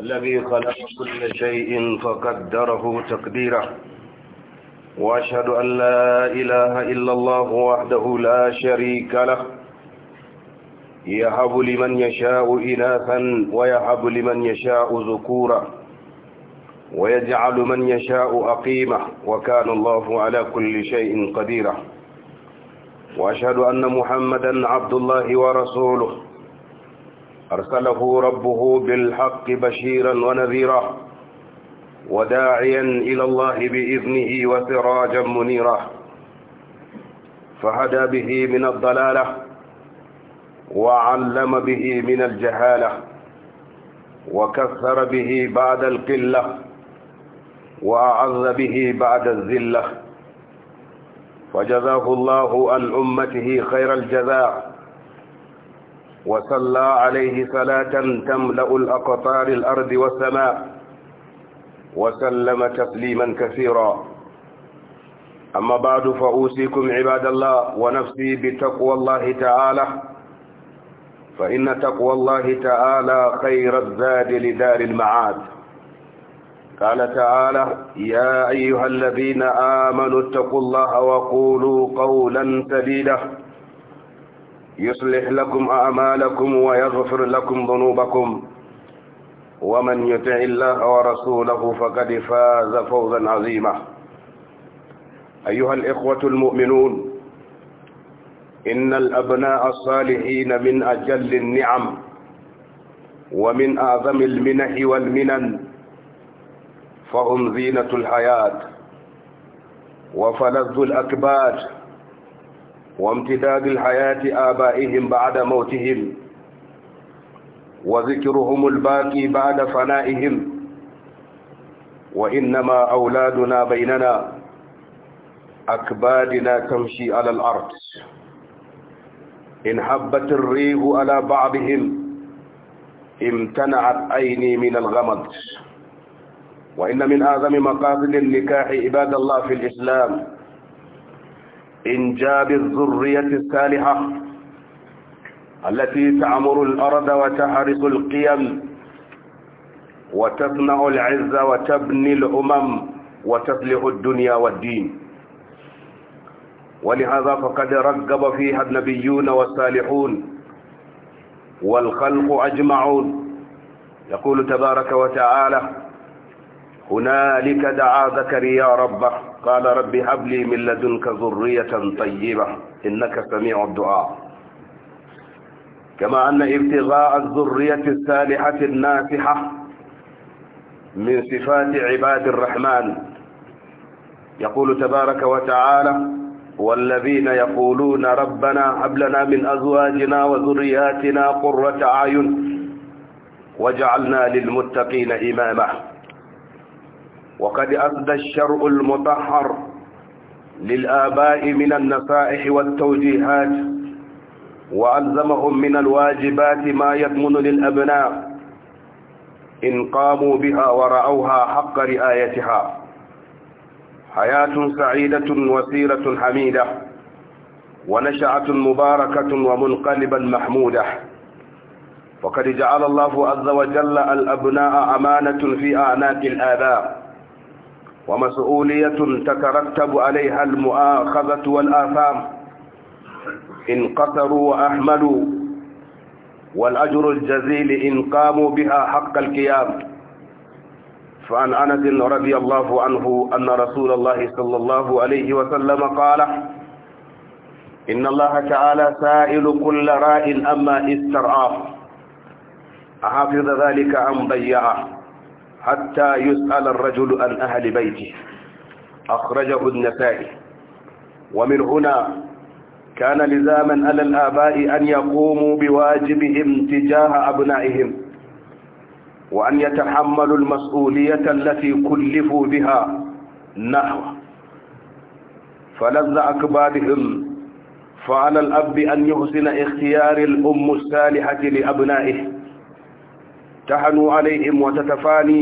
الذي خلق كل شيء فقدره تقديرا وأشهد أن لا إله إلا الله وحده لا شريك له يهب لمن يشاء إناثا ويهب لمن يشاء ذكورا ويجعل من يشاء أقيمة وكان الله على كل شيء قديرا وأشهد أن محمدا عبد الله ورسوله أرسله ربه بالحق بشيرا ونذيرا وداعيا إلى الله بإذنه وسراجا منيرا فهدى به من الضلالة وعلم به من الجهالة وكثر به بعد القلة وأعز به بعد الذلة فجزاه الله عن أمته خير الجزاء وصلى عليه صلاة تملأ الأقطار الأرض والسماء وسلم تسليما كثيرا أما بعد فأوصيكم عباد الله ونفسي بتقوى الله تعالى فإن تقوى الله تعالى خير الزاد لدار المعاد قال تعالى يا أيها الذين آمنوا اتقوا الله وقولوا قولا سديدا يصلح لكم أعمالكم ويغفر لكم ذنوبكم ومن يطع الله ورسوله فقد فاز فوزا عظيما أيها الإخوة المؤمنون إن الأبناء الصالحين من أجل النعم ومن أعظم المنح والمنن فهم زينة الحياة وفلذ الأكباد وامتداد الحياة آبائهم بعد موتهم وذكرهم الباقي بعد فنائهم وإنما أولادنا بيننا أكبادنا تمشي على الأرض إن حبت الريح على بعضهم امتنعت عيني من الغمض وإن من أعظم مقاصد النكاح عباد الله في الإسلام إنجاب الذرية الصالحة التي تعمر الأرض وتحرس القيم وتصنع العزة وتبني الأمم وتصلح الدنيا والدين ولهذا فقد رقب فيها النبيون والصالحون والخلق أجمعون يقول تبارك وتعالى هنالك دعا زكريا ربه قال رب هب لي من لدنك ذرية طيبة إنك سميع الدعاء كما أن ابتغاء الذرية الصالحة النافحة من صفات عباد الرحمن يقول تبارك وتعالى والذين يقولون ربنا هب لنا من أزواجنا وذرياتنا قرة أعين وجعلنا للمتقين إماما وقد أدى الشرع المطهر للآباء من النصائح والتوجيهات وألزمهم من الواجبات ما يضمن للأبناء إن قاموا بها ورأوها حق رعايتها حياة سعيدة وسيرة حميدة ونشعة مباركة ومنقلبا محمودة وقد جعل الله عز وجل الأبناء أمانة في أعناق الآباء ومسؤولية تترتب عليها المؤاخذة والآثام إن قصروا وأحملوا والأجر الجزيل إن قاموا بها حق القيام فعن أنس رضي الله عنه أن رسول الله صلى الله عليه وسلم قال إن الله تعالى سائل كل راء أما استرعاه أحافظ ذلك أم ضيعه حتى يسأل الرجل عن أهل بيته أخرجه النسائي ومن هنا كان لزاما على الآباء أن يقوموا بواجبهم تجاه أبنائهم وأن يتحملوا المسؤولية التي كلفوا بها نحو فلذ أكبادهم فعلى الأب أن يحسن اختيار الأم الصالحة لأبنائه تهنو عليهم وتتفاني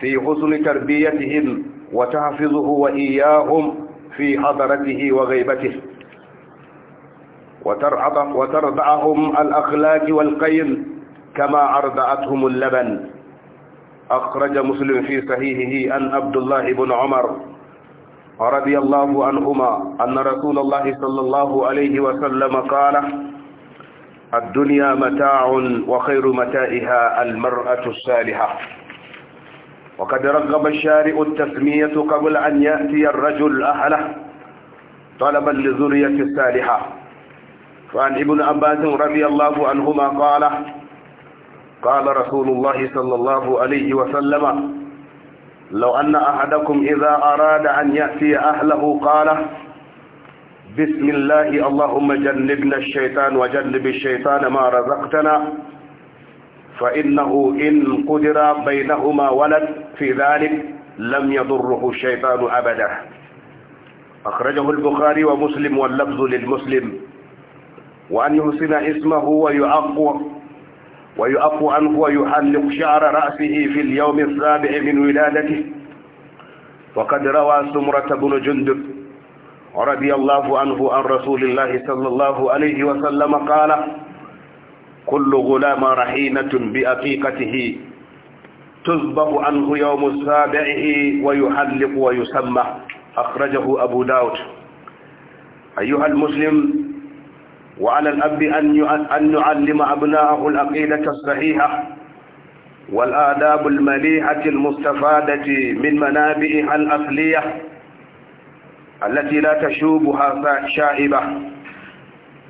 في حسن تربيتهم وتحفظه وإياهم في حضرته وغيبته وترضعهم الأخلاق والقيم كما أرضعتهم اللبن أخرج مسلم في صحيحه أن عبد الله بن عمر رضي الله عنهما أن رسول الله صلى الله عليه وسلم قال الدنيا متاع وخير متائها المرأة الصالحة وقد رغب الشارع التسمية قبل أن يأتي الرجل أهله طلبا لذرية الصالحة فعن ابن عباس رضي الله عنهما قال قال رسول الله صلى الله عليه وسلم لو أن أحدكم إذا أراد أن يأتي أهله قال بسم الله اللهم جنبنا الشيطان وجنب الشيطان ما رزقتنا فإنه إن قدر بينهما ولد في ذلك لم يضره الشيطان أبدا أخرجه البخاري ومسلم واللفظ للمسلم وأن يحسن اسمه ويعقو ويعفو عنه ويحلق شعر رأسه في اليوم السابع من ولادته وقد روى سمرة بن جندب ورضي الله عنه عن رسول الله صلى الله عليه وسلم قال كل غلام رحينة بأقيقته تذبح عنه يوم السابع ويحلق ويسمى أخرجه أبو داود أيها المسلم وعلى الأب أن يعلم أبناءه العقيدة الصحيحة والآداب المليحة المستفادة من منابئها الأصلية التي لا تشوبها شائبة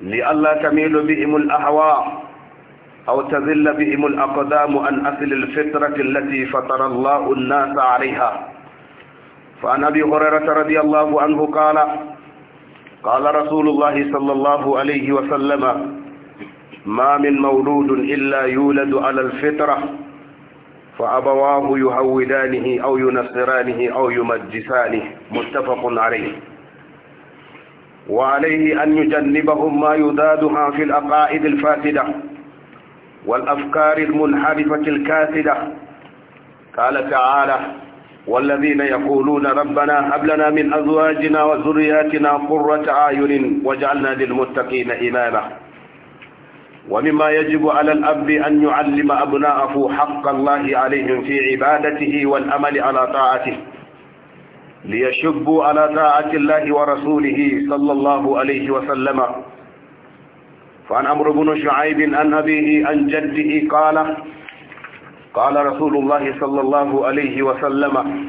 لئلا تميل بهم الأهواء أو تذل بهم الأقدام عن أصل الفطرة التي فطر الله الناس عليها فعن أبي هريرة رضي الله عنه قال قال رسول الله صلى الله عليه وسلم ما من مولود إلا يولد على الفطرة فأبواه يهودانه أو ينصرانه أو يمجسانه متفق عليه وعليه أن يجنبهم ما يذادها في الأقائد الفاسدة والأفكار المنحرفة الكاسدة قال تعالى والذين يقولون ربنا هب لنا من أزواجنا وذرياتنا قرة أعين واجعلنا للمتقين إماما ومما يجب على الأب أن يعلم أبناءه حق الله عليهم في عبادته والأمل على طاعته ليشبوا على طاعة الله ورسوله صلى الله عليه وسلم فعن عمرو بن شعيب عن أبيه عن جده قال قال رسول الله صلى الله عليه وسلم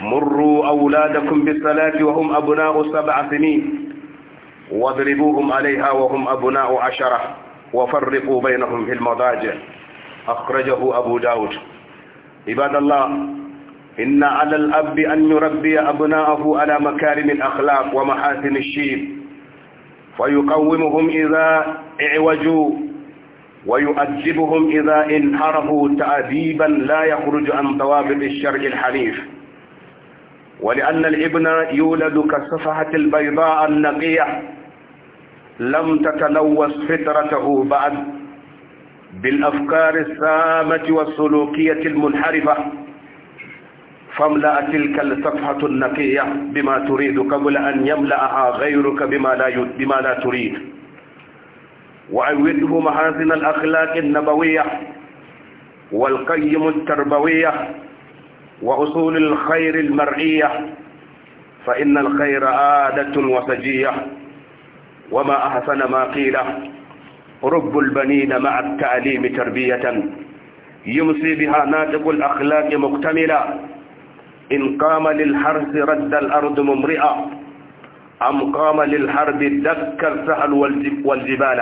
مروا أولادكم بالصلاة وهم أبناء سبع سنين واضربوهم عليها وهم أبناء عشرة وفرقوا بينهم في المضاجع أخرجه أبو داود عباد الله إن على الأب أن يربي أبناءه على مكارم الأخلاق ومحاسن الشيب ويقومهم إذا اعوجوا ويؤدبهم إذا انحرفوا تأديبا لا يخرج عن ضوابط الشرع الحنيف ولأن الابن يولد كالصفحة البيضاء النقية لم تتلوث فطرته بعد بالأفكار السامة والسلوكية المنحرفة فاملأ تلك الصفحة النقية بما تريد قبل أن يملأها غيرك بما لا, بما لا تريد وعوده محاسن الأخلاق النبوية والقيم التربوية وأصول الخير المرئية فإن الخير عادة وسجية وما أحسن ما قيل رب البنين مع التعليم تربية يمسي بها ناطق الأخلاق مكتملا إن قام للحرث رد الأرض ممرئة أم قام للحرب دك السهل والجبال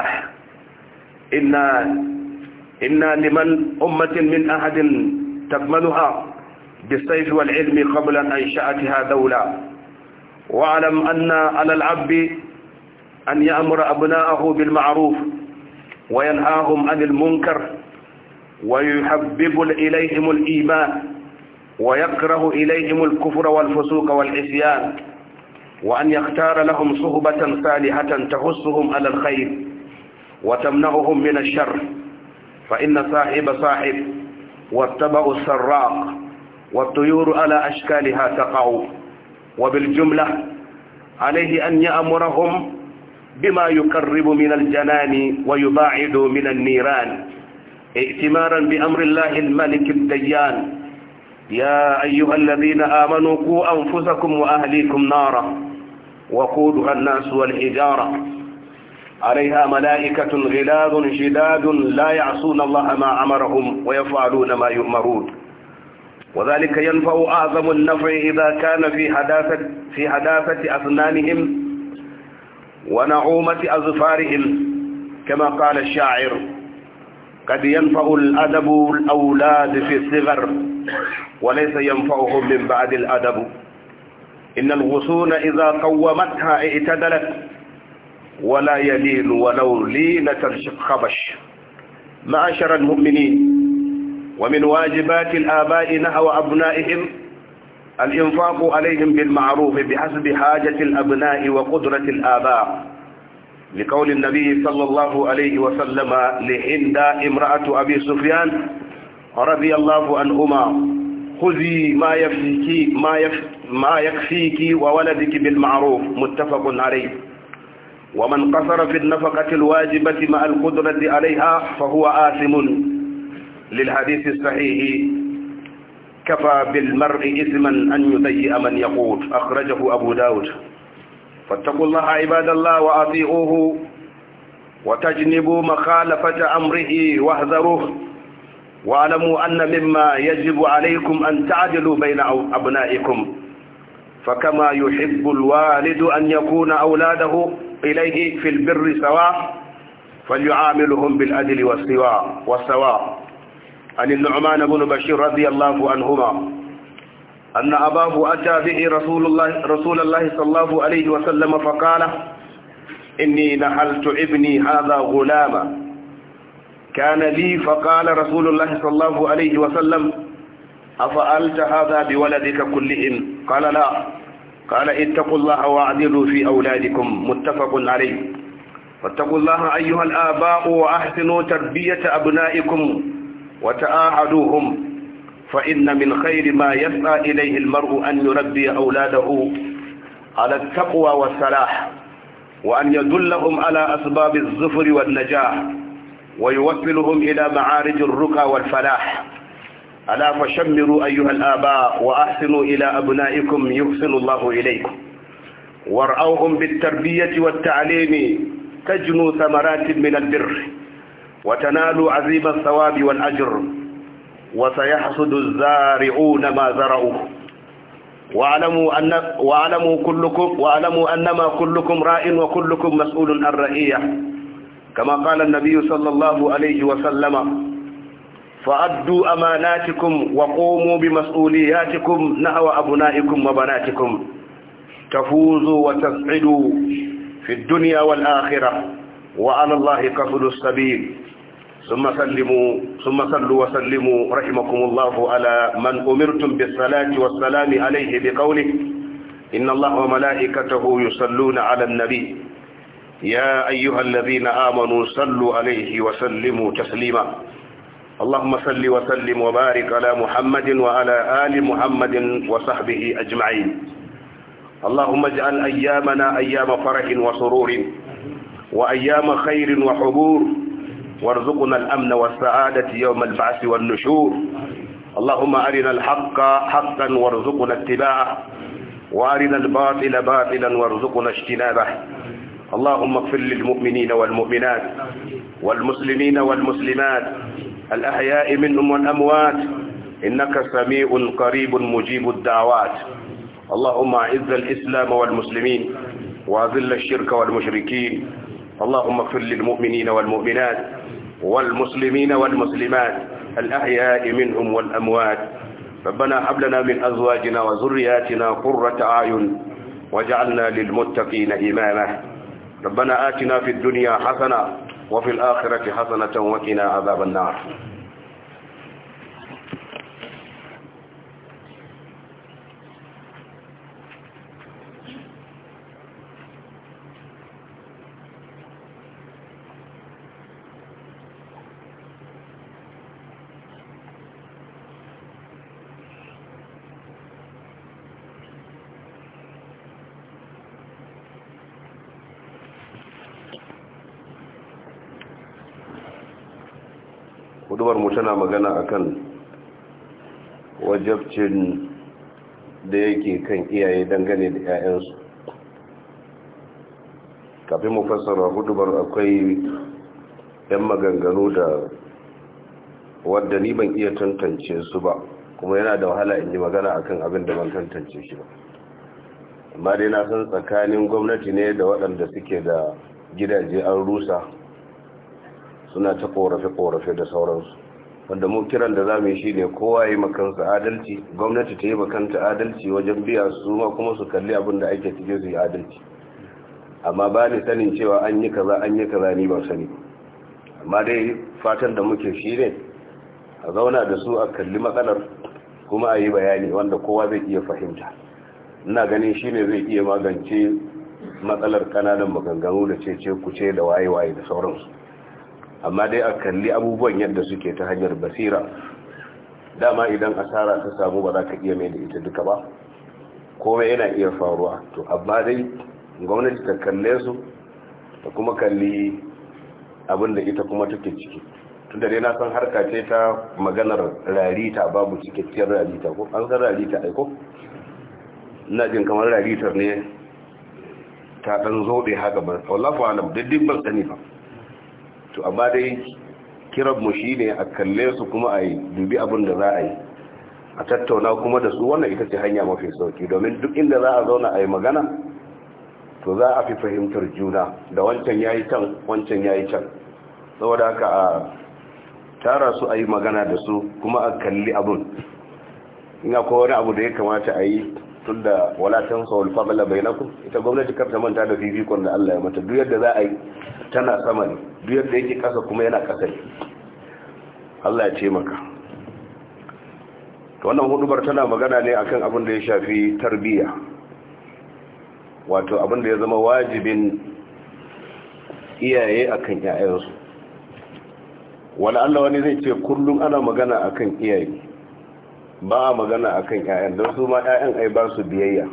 إنا إنا لمن أمة من أحد تكملها بالسيف والعلم قبل أنشأتها دولة واعلم أن على العبد أن يأمر أبناءه بالمعروف وينهاهم عن المنكر ويحبب إليهم الإيمان ويكره إليهم الكفر والفسوق والعصيان وأن يختار لهم صحبة صالحة تحثهم على الخير وتمنعهم من الشر فإن صاحب صاحب والتبع السراق والطيور على أشكالها تقع وبالجملة عليه أن يأمرهم بما يقرب من الجنان ويباعد من النيران ائتمارا بأمر الله الملك الديان يا أيها الذين آمنوا قوا أنفسكم وأهليكم نارا وقودها الناس والحجارة عليها ملائكة غلاظ شداد لا يعصون الله ما أمرهم ويفعلون ما يؤمرون وذلك ينفع أعظم النفع إذا كان في حداثة, في حداثة أسنانهم ونعومة أظفارهم كما قال الشاعر قد ينفع الأدب الأولاد في الصغر وليس ينفعهم من بعد الأدب إن الغصون إذا قومتها اعتدلت ولا يلين ولو لينة خبش معشر المؤمنين ومن واجبات الآباء نحو أبنائهم الإنفاق عليهم بالمعروف بحسب حاجة الأبناء وقدرة الآباء لقول النبي صلى الله عليه وسلم لحند امرأة أبي سفيان رضي الله عنهما خذي ما يكفيك ما, يف ما يكفيك وولدك بالمعروف متفق عليه ومن قصر في النفقة الواجبة مع القدرة عليها فهو آثم للحديث الصحيح كفى بالمرء إثما أن يضيء من يقود أخرجه أبو داود فاتقوا الله عباد الله وأطيعوه وتجنبوا مخالفة أمره واهذروه واعلموا أن مما يجب عليكم أن تعدلوا بين أبنائكم فكما يحب الوالد أن يكون أولاده إليه في البر سواء فليعاملهم بالعدل والسواء والسواء عن النعمان بن بشير رضي الله عنهما أن أباه أتى به رسول الله, رسول الله صلى الله عليه وسلم فقال إني نحلت ابني هذا غلاما كان لي فقال رسول الله صلى الله عليه وسلم أفعلت هذا بولدك كلهم قال لا قال اتقوا الله واعدلوا في أولادكم متفق عليه واتقوا الله أيها الآباء وأحسنوا تربية أبنائكم وتآعدوهم فإن من خير ما يسعى إليه المرء أن يربي أولاده على التقوى والصلاح وأن يدلهم على أسباب الظفر والنجاح ويوكلهم إلى معارج الرقى والفلاح ألا فشمروا أيها الآباء وأحسنوا إلى أبنائكم يحسن الله إليكم وارعوهم بالتربية والتعليم تجنوا ثمرات من البر وتنالوا عظيم الثواب والأجر وسيحصد الزارعون ما زرعوا واعلموا أن واعلموا كلكم واعلموا أنما كلكم راء وكلكم مسؤول عن رئية كما قال النبي صلى الله عليه وسلم فأدوا أماناتكم وقوموا بمسؤولياتكم نحو أبنائكم وبناتكم تفوزوا وتسعدوا في الدنيا والآخرة وعلى الله قصد السبيل ثم سلموا ثم صلوا وسلموا رحمكم الله على من أمرتم بالصلاة والسلام عليه بقوله إن الله وملائكته يصلون على النبي يا أيها الذين آمنوا صلوا عليه وسلموا تسليما اللهم صل وسلم وبارك على محمد وعلى آل محمد وصحبه أجمعين اللهم اجعل أيامنا أيام فرح وسرور وأيام خير وحبور وارزقنا الأمن والسعادة يوم البعث والنشور اللهم أرنا الحق حقا وارزقنا اتباعه وأرنا الباطل باطلا وارزقنا اجتنابه اللهم اغفر للمؤمنين والمؤمنات والمسلمين والمسلمات الأحياء منهم والأموات إنك سميع قريب مجيب الدعوات اللهم أعز الإسلام والمسلمين وأذل الشرك والمشركين اللهم اغفر للمؤمنين والمؤمنات والمسلمين والمسلمات الأحياء منهم والأموات ربنا هب لنا من أزواجنا وذرياتنا قرة أعين وجعلنا للمتقين إماما ربنا آتنا في الدنيا حسنة وفي الآخرة حسنة وقنا عذاب النار tana magana akan wajabcin da yake kan iyaye dangane da 'ya'yansu kafin mu fassara hudubar akwai 'yan maganganu da wadda ni ban iya tantance su ba kuma yana da wahala in yi magana akan abin da ban tantance shi ba amma dai na san tsakanin gwamnati ne da waɗanda suke da gidaje an rusa suna ta korafe-korafe da sauransu wanda mu kiran da zamu yi ne kowa yi makansa adalci gwamnati ta yi makanta adalci wajen biya su ma kuma su kalli abin da ake cike su yi adalci amma ba ni sanin cewa an yi kaza an yi kaza ni ba sani amma dai fatan da muke shi ne a zauna da su a kalli matsalar kuma a yi bayani wanda kowa zai iya fahimta ina ganin shi ne zai iya magance matsalar kananan maganganu da ce ce kuce da waye waye da sauransu amma dai a kalli abubuwan yadda suke ta hanyar basira dama idan asara ta samu ba za ka iya mai da ita duka ba kome yana iya faruwa to amma dai gwamnati ta kalle su ta kuma kalli abin ita kuma take ciki tun da dai na san harka ce ta maganar rarita babu cikakkiyar rarita ko an san rarita aiko ina jin kamar raritar ne ta ɗan zoɓe haka ba wa alam duk ban sani ba to amma dai kiran mu shine a kalle su kuma a yi dubi abin da za a yi a tattauna kuma da su wannan ita ce hanya mafi sauki domin duk inda za a zauna a yi magana to za a fi fahimtar juna da wancan ya yi can wancan ya yi can saboda haka a tara su a yi magana da su kuma a kalli abin ina ko wani abu da ya kamata a yi tun da walatan saul fabala bai na ita gwamnati karta manta da fifikon da allah ya mata duk yadda za a yi tana sama ne duk da yake kasa kuma yana kasa Allah ya ce maka wannan hudubar tana magana ne akan abin da ya shafi tarbiya wato abin da ya zama wajibin iyaye akan yayansu wani Allah wani zai ce kullum ana magana akan iyaye ba a magana akan yayan don su ma yayan ai ba su biyayya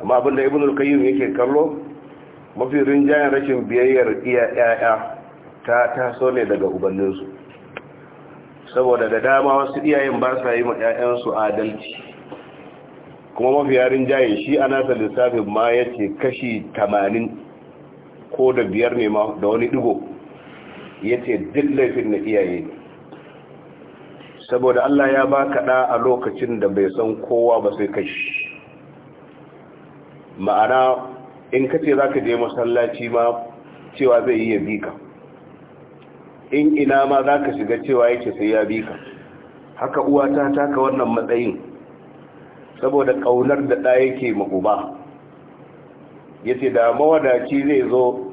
amma abin da ibn yake kallo mafi rinjayen rashin biyayyar iya ya'ya ta taso ne daga ubanninsu saboda da dama wasu iyayen ba sa yi ma 'ya'yansu adalci kuma mafi yarin jayin shi a nasa lissafin ma ya ce kashi tamanin ko da biyar ne da wani digo ya ce duk laifin na iyaye saboda allah ya ba kaɗa a lokacin da bai san kowa ba sai kashi ma'ana in ka ce za ka je masallaci ma cewa zai yi ya bi ka in ina ma za ka shiga cewa yake sai ya bi ka haka uwa ta taka wannan matsayin saboda ƙaunar da ɗa yake maguba ya ce da mawadaci zai zo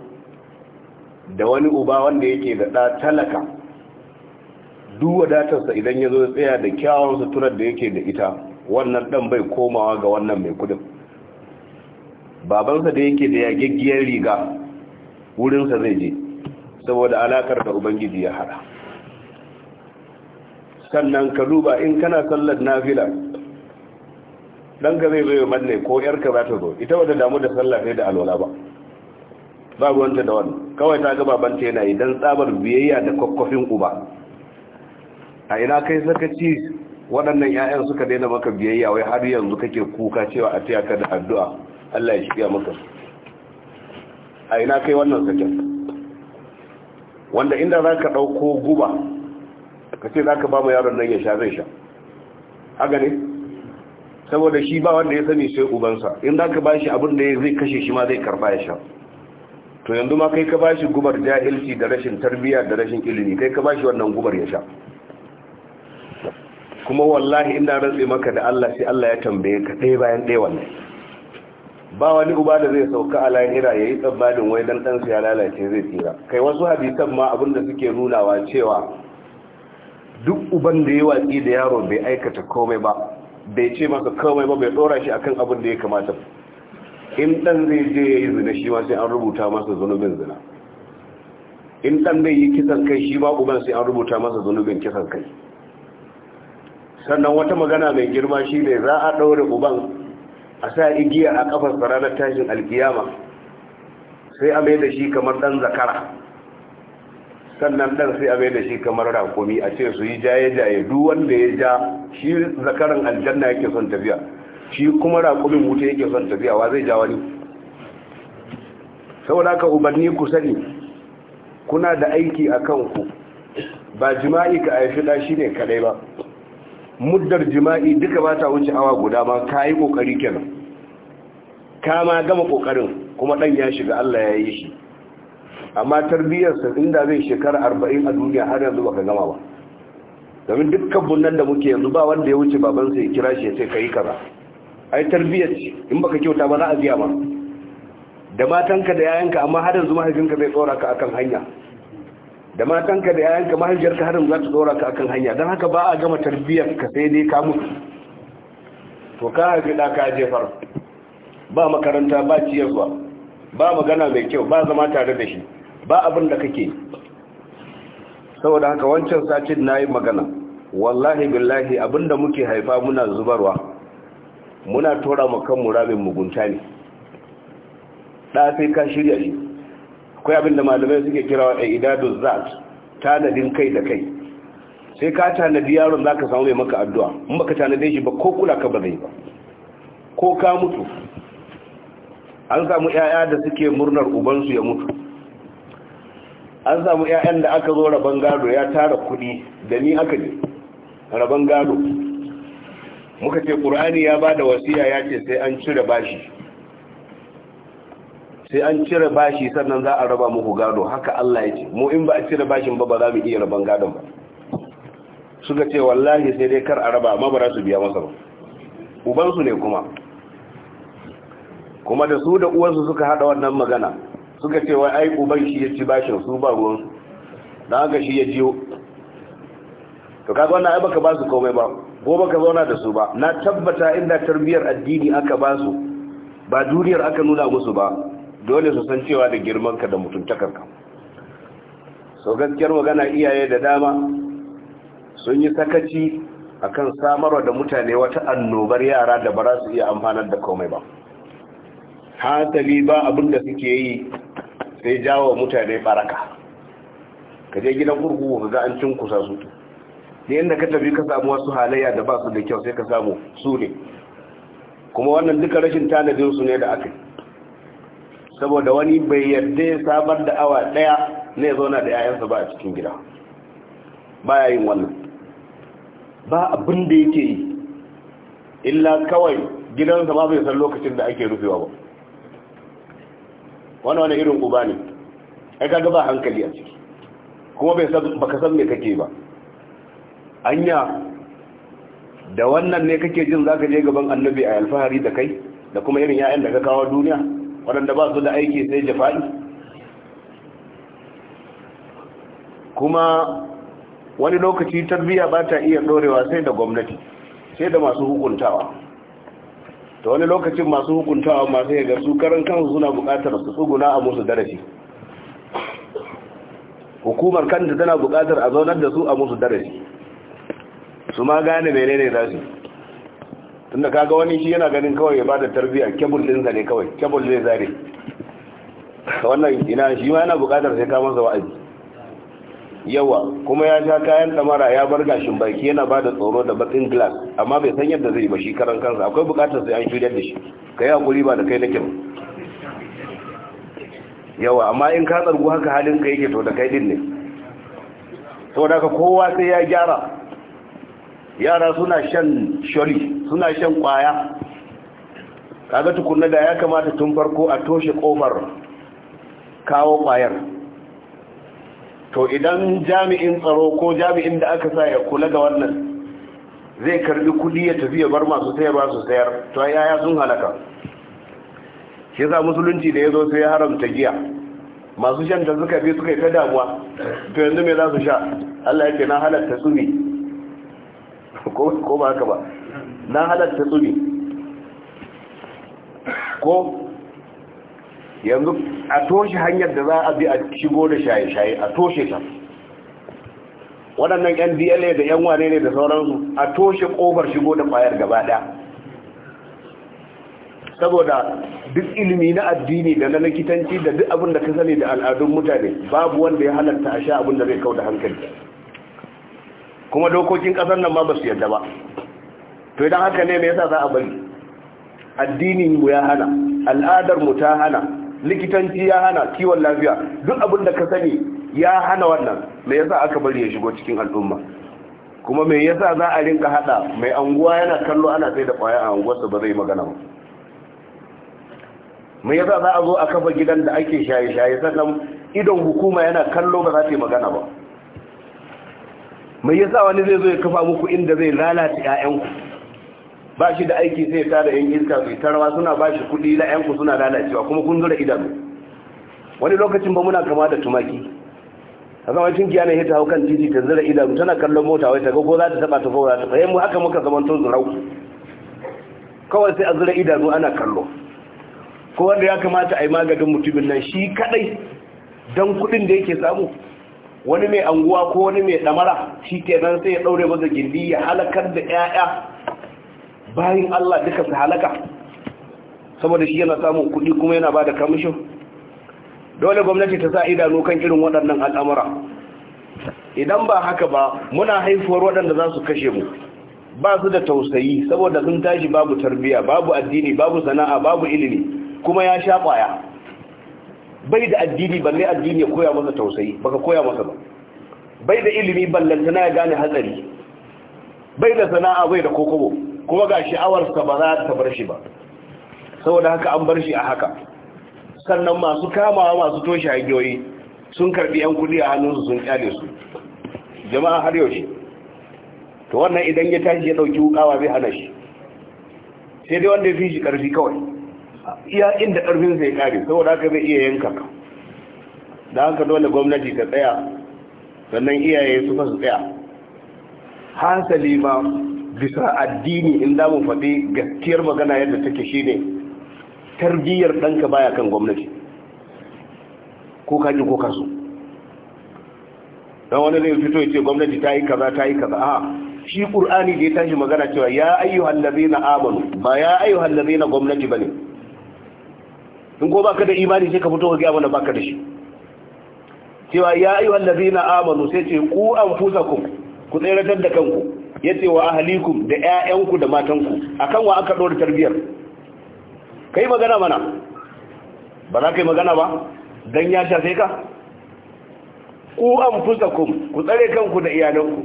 da wani uba wanda yake da ɗa talaka duk wadatarsa idan ya zo tsaya da kyawun suturar da yake da ita wannan ɗan bai komawa ga wannan mai kudin babansa da yake da yageggiyar riga wurinsa zai je saboda alakar da ubangiji ya hada sannan ka duba in kana sallar nafila ka zai zo manne ko yarka za ta zo ita wadda damu da sallah sai da alwala ba ba ruwanta da wani kawai ta gaba banta yana idan tsabar biyayya da kwakwafin uba a ina kai sakaci waɗannan 'ya'yan suka daina maka biyayya wai har yanzu kake kuka cewa a tiyaka da addu'a Allah ya shiga maka a ina kai wannan sakin wanda inda za ka ɗauko guba ka ce za ka ba mu yaron nan ya sha zai sha haka ne saboda shi ba wanda ya sani sai ubansa in za ka ba shi abin da ya zai kashe shi ma zai karba ya sha to yanzu ma kai ka ba shi gubar jahilci da rashin tarbiyya da rashin ilimi kai ka ba shi wannan gubar ya sha kuma wallahi ina rantse maka da Allah sai Allah ya tambaye ka ɗaya bayan ɗaya wannan ba wani uba da zai sauka a lahira ya yi tsammanin wai dan ɗansa ya lalace zai tsira kai wasu hadisan ma abin da suke nunawa cewa duk uban da ya watsi da yaro bai aikata komai ba bai ce masa komai ba bai ɗora shi akan abin da ya kamata in ɗan zai je ya yi zina shi ma sai an rubuta masa zunubin zina in ɗan bai yi kisan kai shi ma uban sai an rubuta masa zunubin kisan kai sannan wata magana mai girma shi ne za a ɗaure uban a sa igiya a kafar ranar tashin alkiyama sai a da shi kamar ɗan zakara sannan ɗan sai a da shi kamar rakumi a ce su yi jaye-jaye duk wanda ya ja shi zakaran aljanna yake son tafiya shi kuma rakumin wuta yake son tafiya wa zai ja wani saboda ka ubanni ku sani kuna da aiki a kanku ba jima'i ka aifi ɗa shi ne kaɗai ba muddar jima'i duka ba ta wuce awa guda ma ka yi ƙoƙari kenan ka ma gama ƙoƙarin kuma ɗan ya shiga Allah ya yi shi amma tarbiyyarsa inda zai shekara arba'in a duniya har yanzu baka gama ba domin dukkan bunan da muke yanzu ba wanda ya wuce babansa ya kira shi ya ce ka yi kaza ai tarbiyyar ce in baka kyauta ba za a biya ma da matanka da yayanka amma har yanzu mahaifinka zai tsora ka akan hanya da matanka da yayanka mahaifiyarka harin za ta dora ka akan hanya don haka ba a gama tarbiyyar ka sai dai ka mutu to ka haifi da ka jefar ba makaranta ba ciyarwa ba magana mai kyau ba zama tare da shi ba abin da kake saboda haka wancan satin na yi magana wallahi billahi abin da muke haifa muna zubarwa muna tora mu kan muramin mugunta ne ɗa sai ka shirya shi akwai abin da malamai suke kira wa idadun zat tanadin kai da kai sai ka tanadi yaron ka samu mai maka addu'a in baka tanadi shi ba ko kula ka ba zai ba ko ka mutu an samu yaya da suke murnar ubansu ya mutu an samu yayan da aka zo rabon gado ya tara kudi da ni aka ne rabon gado muka ce ƙur'ani ya ba da wasiya ya ce sai an cire bashi sai an cire bashi sannan za a raba muku gado haka Allah ya ce mu in ba a cire bashin ba ba za mu iya raban gadon ba suka ce wallahi sai dai kar a raba amma ba su biya masa ba ubansu ne kuma kuma da su da uwansu suka hada wannan magana suka ce wai ai uban shi ya ci bashin su ba ruwansu don haka shi ya jiyo to kaga wannan ai baka ba su komai ba ko baka zauna da su ba na tabbata inda tarbiyyar addini aka ba su ba duniyar aka nuna musu ba dole su san cewa da girmanka da mutuntakarka so gaskiyar magana iyaye da dama sun yi sakaci akan samarwa da mutane wata annobar yara da ba za su iya amfanar da komai ba hatali ba abin da suke yi sai jawo mutane baraka ka je gidan kurkuku ka ga an cin kusa su da yadda ka tafi ka samu wasu halayya da ba su da kyau sai ka samu su ne kuma wannan duka rashin tanadin su ne da aka yi saboda wani bai yarda ya sabar da awa daya ne zauna da 'ya'yansa ba a cikin gida ba ya yin wannan ba abin da yake yi illa kawai gidansa ba bai san lokacin da ake rufewa ba wani wani irin uba ne ai kaga ba hankali a ciki kuma bai san baka san me kake ba anya da wannan ne kake jin zaka je gaban annabi a alfahari da kai da kuma irin 'ya'yan da ka kawo duniya waɗanda ba su da aiki sai jafa'i kuma wani lokaci tarbiyya ba ta iya ɗorewa sai da gwamnati sai da masu hukuntawa ta wani lokacin masu hukuntawa masu yaga su karin kan suna buƙatar su tsuguna a musu darasi hukumar kanta tana buƙatar a zaunar da su a musu darasi su ma gane menene za su tunda kaga wani shi yana ganin kawai ya bada tarbiya kebul din zane kawai kebul zai zare wannan ina shi ma yana buƙatar sai ka masa wa'azi yawa kuma ya sha kayan tamara ya bar gashin baki yana ba da tsoro da batin glass amma bai san yadda zai ba shi karan kansa akwai buƙatar sai an shirya da shi ka yi hakuri ba da kai nake yawa amma in ka tsargu haka halin ka yake to da kai din ne saboda ka kowa sai ya gyara yara suna shan shori suna shan kwaya kaga tukunna da ya kamata tun farko a toshe kofar kawo kwayar to idan jami'in tsaro ko jami'in da aka sa ya kula ga wannan zai karbi kudi ya tafi ya bar masu sayar ba sayar to yaya sun halaka shi yasa musulunci da ya zo sai ya haramta giya masu shan da suka bi suka yi ta damuwa to yanzu me za su sha Allah ya ce na halatta su ne ko ba haka ba na halatta tsuri ko yanzu a toshe hanyar da za a bi a shigo da shaye-shaye a toshe ta waɗannan yan dla da yan wane ne da sauransu a toshe ƙofar shigo da ƙwayar gaba ɗaya saboda duk ilimi na addini da na likitanci da duk abin da ka sani da al'adun mutane babu wanda ya halatta a sha abin da zai kau hankali kuma dokokin kasar nan ma ba su yadda ba to idan haka ne me yasa za a bari addinin mu ya hana al'adar mu ta hana likitanci ya hana kiwon lafiya duk abin da ka sani ya hana wannan me yasa aka bari ya shigo cikin al'umma kuma me yasa za a rinka hada mai anguwa yana kallo ana sai da kwaya a anguwarsa ba zai magana ba me yasa za a zo a kafa gidan da ake shaye-shaye sannan idon hukuma yana kallo ba za ta yi magana ba mai yasa wani zai zo ya kafa muku inda zai lalata 'ya'yanku ba shi da aiki sai ta da 'yan iska su tarawa suna ba shi kuɗi na 'yanku suna lalacewa kuma kun zura idanu wani lokacin ba muna kama da tumaki a zama cin na hita hau kan titi ta zura idanu tana kallon mota wai ta gogo ko za ta taba ta fowar ta tsaye mu haka muka zaman tun zurau kawai sai a zura idanu ana kallo ko wanda ya kamata a yi maganin mutumin nan shi kadai don kuɗin da yake samu wani mai anguwa ko wani mai damara shi kenan sai ya daure masa gindi ya halakar da 'ya'ya bayan Allah duka su halaka saboda shi yana samun kuɗi kuma yana ba da kamishin dole gwamnati ta sa idanu kan irin waɗannan al'amura idan ba haka ba muna haifuwar waɗanda za su kashe mu ba su da tausayi saboda sun tashi babu tarbiyya, babu addini babu sana'a babu ilimi kuma ya sha ƙwaya bai da addini balle addini ya koya masa tausayi baka koya masa ba bai da ilimi ballantana ya gane hatsari bai da sana'a bai da kokobo kuma ga sha'awarsa ba za ta bar shi ba saboda haka an bar shi a haka sannan masu kamawa masu toshe hagiyoyi sun karbi yan kudi a hannunsu sun kyale su jama'a har yaushe to wannan idan ya tashi ya dauki wukawa bai hana shi sai dai wanda ya fi shi karfi kawai iya inda karfin zai kare saboda haka zai iya yanka ka da haka dole gwamnati ta tsaya sannan iyaye su su tsaya hansali ma bisa addini in za mu faɗi gaskiyar magana yadda take shine tarbiyyar ɗanka baya kan gwamnati ko kaji ko kasu don wani zai fito ya ce gwamnati ta yi kaza ta yi kaza a shi ƙur'ani da ya tashi magana cewa ya ayyuhan na amanu ba ya ayyuhan na gwamnati ba ne. in ko baka da imani sai ka fito ka gaya mana baka da shi cewa ya ayu allazina amanu sai ce ku anfusakum ku tseratar da kanku yace wa ahlikum da ƴaƴanku da matanku akan wa aka dora tarbiyar kai magana mana ba za ka yi magana ba dan ya sai ka ku anfusakum ku tsare kanku da iyalanku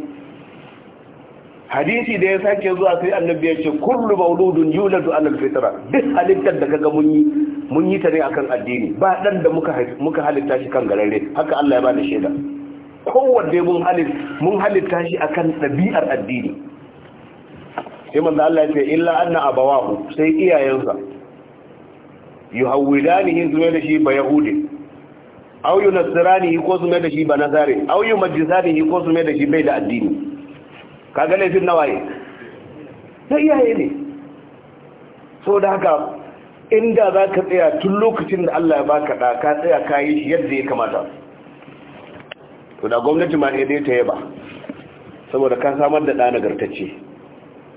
hadisi da ya sake zuwa sai annabi ya ce kullu mauludun yuladu ala alfitra duk halittar da kaga mun yi mun yi ta ne akan addini ba dan da muka muka halitta shi kan garare haka Allah ya bada shaida kowanne mun halit mun halitta shi akan dabi'ar addini sai manzo Allah ya ce illa anna abawahu sai iyayensa hin zuwa da shi ba yahudi au yunasrani ko su mai da shi ba nazare au yumajjisani ko su mai da shi bai da addini kaga laifin nawaye na iyaye ne so da haka inda za ka tsaya tun lokacin da Allah ya baka da ka tsaya ka yi yadda ya kamata to da gwamnati ma ne ta yaba saboda ka samar da ɗa nagartacce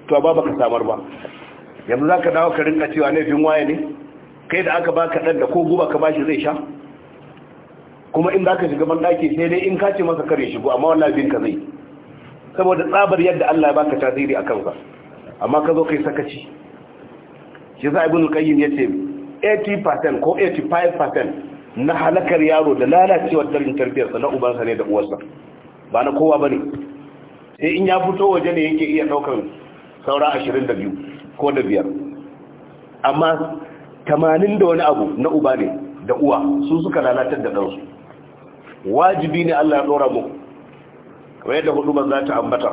to ba baka samar ba yanzu za ka dawo ka rinka cewa laifin waye ne kai da aka baka ɗan da ko guba ka bashi zai sha kuma in za ka shiga banɗaki sai dai in ka ce masa kare shigo amma wallahi bin ka zai saboda tsabar yadda Allah ya baka tasiri a kansa amma ka zo kai sakaci shi za ibn ya yace 80% ko 85% na halakar yaro da lalacewar darin tarbiyarsa na ubansa ne da uwarsa ba na kowa bane sai in ya fito waje ne yake iya ɗaukar saura 22 ko da biyar amma 80 da wani abu na uba ne da uwa su suka lalatar da ɗansu wajibi ne Allah ya ɗora mu wayar da hudu ban za ta ambata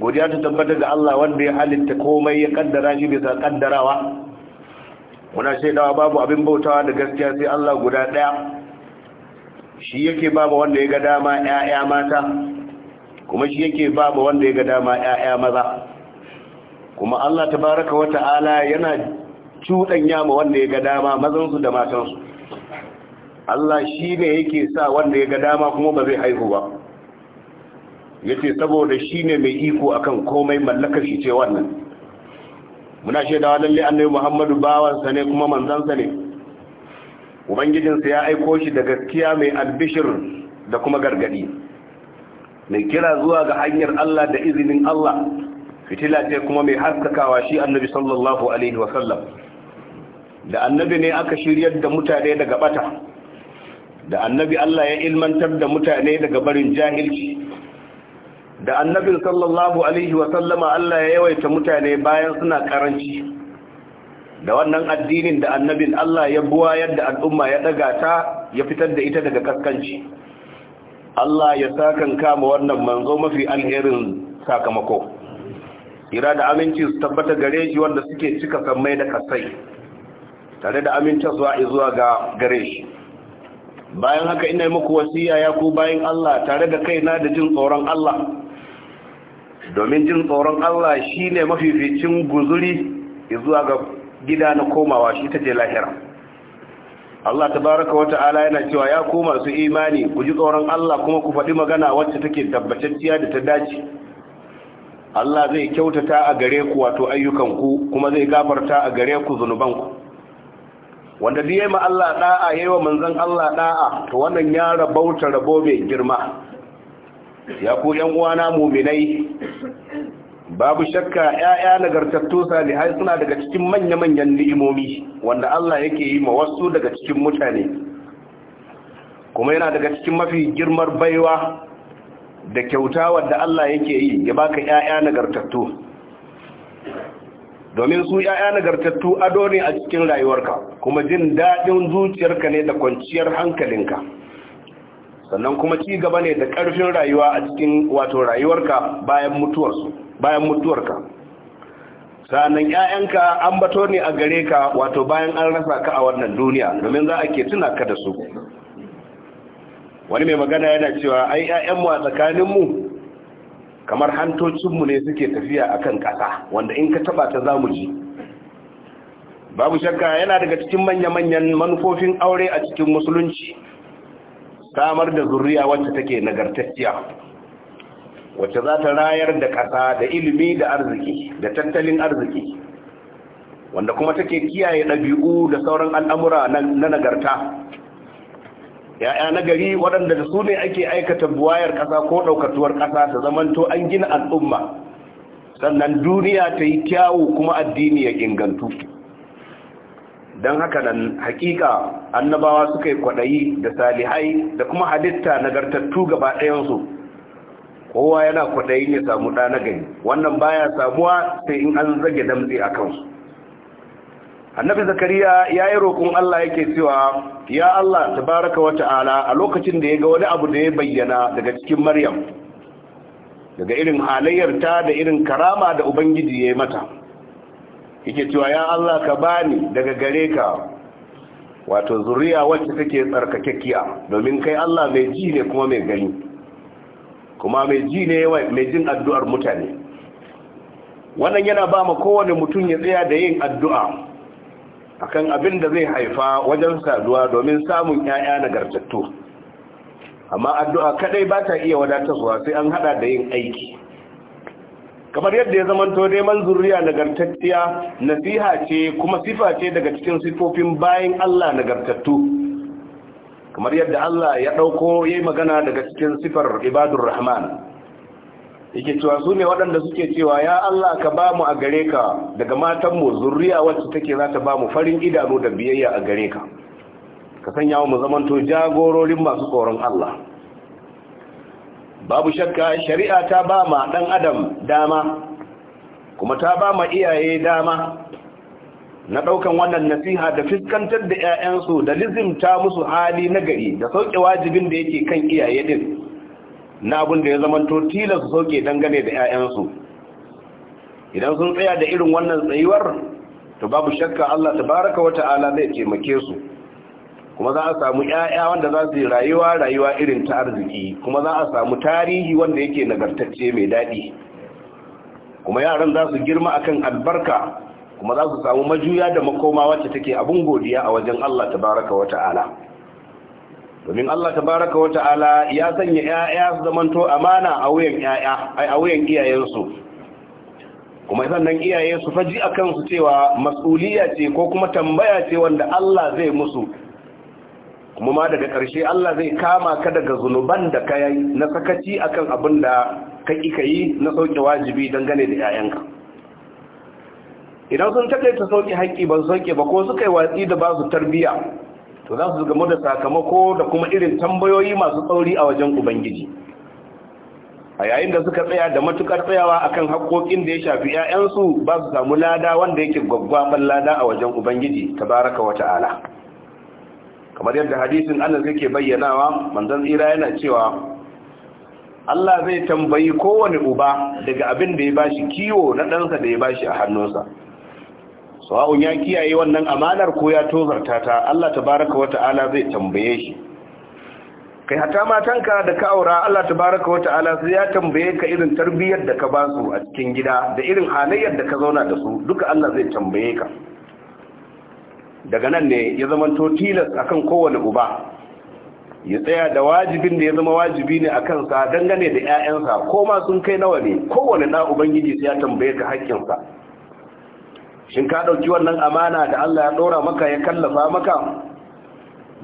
godiya ta tabbatar da Allah wanda ya halitta komai ya kaddara shi bisa kaddarawa muna shaidawa babu abin bautawa da gaskiya sai Allah guda daya shi yake ba wanda ya ga dama ƴaƴa mata kuma shi yake ba wanda ya ga dama ƴaƴa maza kuma Allah tabaraka wata'ala yana cuɗanya ma wanda ya ga dama mazansu da matansu Allah shi ne yake sa wanda ya ga dama kuma ba zai haihu ba Ya ce saboda shi ne mai iko akan komai mallakar shi ce wannan muna shaidawa lalle annabi Muhammadu bawansa ne kuma manzansa ne ubangijinsa ya aiko shi da gaskiya mai albishir da kuma gargadi mai kira zuwa ga hanyar Allah da izinin Allah fitila ce kuma mai haskakawa shi annabi sallallahu alaihi wasallam da annabi ne aka shiryar da mutane daga bata da annabi Allah ya ilmantar da mutane daga barin jahilci da annabin sallallahu alaihi wasallama Allah ya yawaita mutane bayan suna karanci da wannan addinin da annabin Allah ya buwa yadda al'umma ya daga ta ya fitar da ita daga kaskanci Allah ya sakan kama wannan manzo mafi alherin sakamako ira da aminci su tabbata gare shi wanda suke cika sammai da kasai tare da amincin zuwa zuwa ga gare shi bayan haka ina yi muku wasiya ya ku bayan Allah tare da kaina da jin tsoron Allah domin jin tsoron Allah shi ne mafificin guzuri zuwa ga gida na komawa shi ta ce lahira Allah Ta tabaraka wata'ala yana cewa ya koma su imani ku ji tsoron Allah kuma ku faɗi magana wacce take tabbacacciya da ta dace Allah zai kyautata a gare ku wato ayyukanku kuma zai gafarta a gare ku zunubanku wanda biye ma Allah ya yi wa manzon Allah ɗa'a, to wannan ya rabauta rabo mai girma ya ku yan uwana muminai babu shakka ƴaƴa nagartattu salihai suna daga cikin manya-manyan ni'imomi wanda Allah yake yi ma wasu daga cikin mutane kuma yana daga cikin mafi girmar baiwa da kyauta wanda Allah yake yi ya baka ƴaƴa nagartattu domin su ƴaƴa nagartattu ado ne a cikin rayuwarka kuma jin daɗin zuciyarka ne da kwanciyar hankalinka sannan kuma ci gaba ne da ƙarfin rayuwa a cikin wato rayuwarka bayan mutuwarsu bayan mutuwarka sannan 'ya'yanka an bato ne a gare ka wato bayan an rasa ka a wannan duniya domin za a ke tuna ka da su wani mai magana yana cewa ai 'ya'yanmu a tsakaninmu kamar hantocinmu ne suke tafiya akan kasa wanda in ka taba ta zamu ji babu shakka yana daga cikin manya-manyan manufofin aure a cikin musulunci samar da zurriya wacce take nagartacciya wacce za ta rayar da ƙasa da ilimi da arziki da tattalin arziki wanda kuma take kiyaye ɗabi'u da sauran al'amura na nagarta ya'ya na gari waɗanda da su ne ake aikata buwayar ƙasa ko ɗaukatuwar ƙasa ta zamanto an gina al'umma sannan duniya ta yi kyawu kuma addini ya ingantu don haka nan hakika annabawa suka yi kwaɗayi da salihai da kuma halitta nagartattu gaba ɗayansu kowa yana kwaɗayin ya samu ɗa na gani wannan baya samuwa sai in an zage damtse a kansu annabi zakariya ya yi roƙon allah yake cewa ya allah ta baraka wa ta'ala a lokacin da ya ga wani abu da ya bayyana daga cikin maryam daga irin halayyarta da irin karama da ubangiji ya yi mata yake cewa ya Allah ka bani daga gare ka wato zuriya wacce take tsarkakekkiya domin kai Allah mai ji ne kuma mai gani kuma mai ji ne mai jin addu'ar mutane wannan yana ba mu kowane mutum ya tsaya da yin addu'a akan abin da zai haifa wajen saduwa domin samun 'ya'ya nagartattu amma addu'a kadai ba ta iya wadatarwa sai an hada da yin aiki kamar yadda ya zamanto neman zuriya nagartacciya nasiha ce kuma sifa ce daga cikin sifofin bayan Allah nagartattu kamar yadda Allah ya ɗauko yayi magana daga cikin sifar ibadur rahman yake cewa su ne waɗanda suke cewa ya Allah ka ba mu a gare ka daga mu zuriya wacce take za ta ba mu farin idanu da biyayya a gare ka ka sanya mu zamanto jagororin masu tsoron Allah babu shakka shari'a ta ba ma ɗan adam dama kuma ta ba ma iyaye dama na ɗaukan wannan nasiha da fiskantar da 'ya'yansu da ta musu hali na gari da sauƙe wajibin da yake kan iyaye ɗin, na abin da ya zamanto tilas su sauke dangane da 'ya'yansu idan sun tsaya da irin wannan tsayuwar to babu shakka Allah tabaraka wa ta'ala zai taimake su kuma za a samu ‘ya'ya wanda za su yi rayuwa rayuwa irin ta arziki kuma za a samu tarihi wanda yake nagartacce mai daɗi kuma yaran za su girma akan albarka kuma za su samu majuya da makoma wacce take abin godiya a wajen Allah tabaraka wa ta'ala domin Allah tabaraka wa ta'ala ya sanya ‘ya'ya su zamanto amana a wuyan ‘ya'ya a iyayensu kuma sannan iyaye su faji akan su cewa mas'uliya ce ko kuma tambaya ce wanda Allah zai musu kuma ma daga ƙarshe Allah zai kama ka daga zunuban da ka yi na sakaci akan abin da ka ka yi na sauke wajibi dangane da 'ya'yanka idan sun takaita sauƙi haƙƙi ba su sauke ba ko suka yi watsi da ba su tarbiya, to za su gamu da sakamako da kuma irin tambayoyi masu tsauri a wajen ubangiji a yayin da suka tsaya da matuƙar tsayawa akan haƙoƙin da ya shafi 'ya'yansu ba su samu lada wanda yake gwaggwaban lada a wajen ubangiji tabaraka wata ta'ala kamar yadda hadisin Allah yake bayyanawa manzon tsira yana cewa Allah zai tambayi kowane uba daga abin da ya bashi kiwo na ɗansa da ya bashi a hannunsa sawa'un ya kiyaye wannan amanar ko ya tozarta ta Allah tabaraka wata'ala zai tambaye shi kai hata matanka da ka aura Allah tabaraka wata'ala sai ya tambaye ka irin tarbiyyar da ka basu a cikin gida da irin halayyar da ka zauna da su duka Allah zai tambaye ka daga nan ne ya zama to tilas kan kowane uba ya tsaya da wajibin da ya zama wajibi ne a kansa dangane da 'ya'yansa ko ma sun kai nawa ne kowane na ubangiji sai ya tambaye ka haƙƙinsa shin ka ɗauki wannan amana da Allah ya ɗora maka ya kallafa maka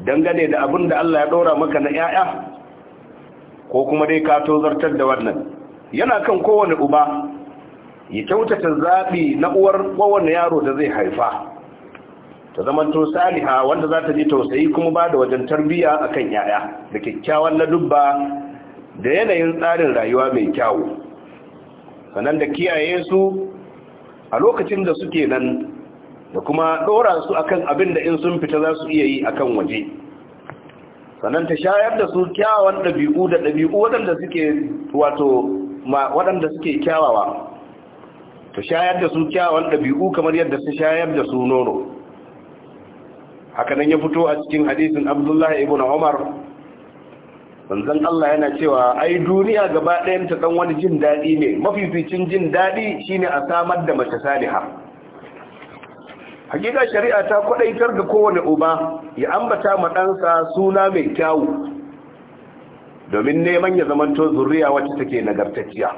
dangane da abin da Allah ya ɗora maka na 'ya'ya ko kuma dai ka tozartar da wannan yana kan kowane uba ya kyautata zaɓi na uwar kowane yaro da zai haifa ta zama to saliha wanda za ta ji tausayi kuma ba da wajen tarbiya kan yaya da kyakkyawan dubba, da yanayin tsarin rayuwa mai kyawu sannan da kiyaye su a lokacin da suke nan da kuma ɗora su akan abin da in sun fita za su iya yi akan waje sannan ta shayar da su kyawawan ɗabi'u da ɗabi'u waɗanda suke wato waɗanda suke kyawawa ta shayar da su kyawawan ɗabi'u kamar yadda su shayar da su nono hakanan ya fito a cikin hadisin abdullahi ibn umar manzon Allah yana cewa ai duniya gaba ɗayan ta dan wani jin daɗi ne mafificin jin daɗi shine a samar da mace saliha hakika shari'a ta kwadaitar da kowane uba ya ambata ma ɗansa suna mai kyawu domin neman ya zamanto zuriya wacce take nagartacciya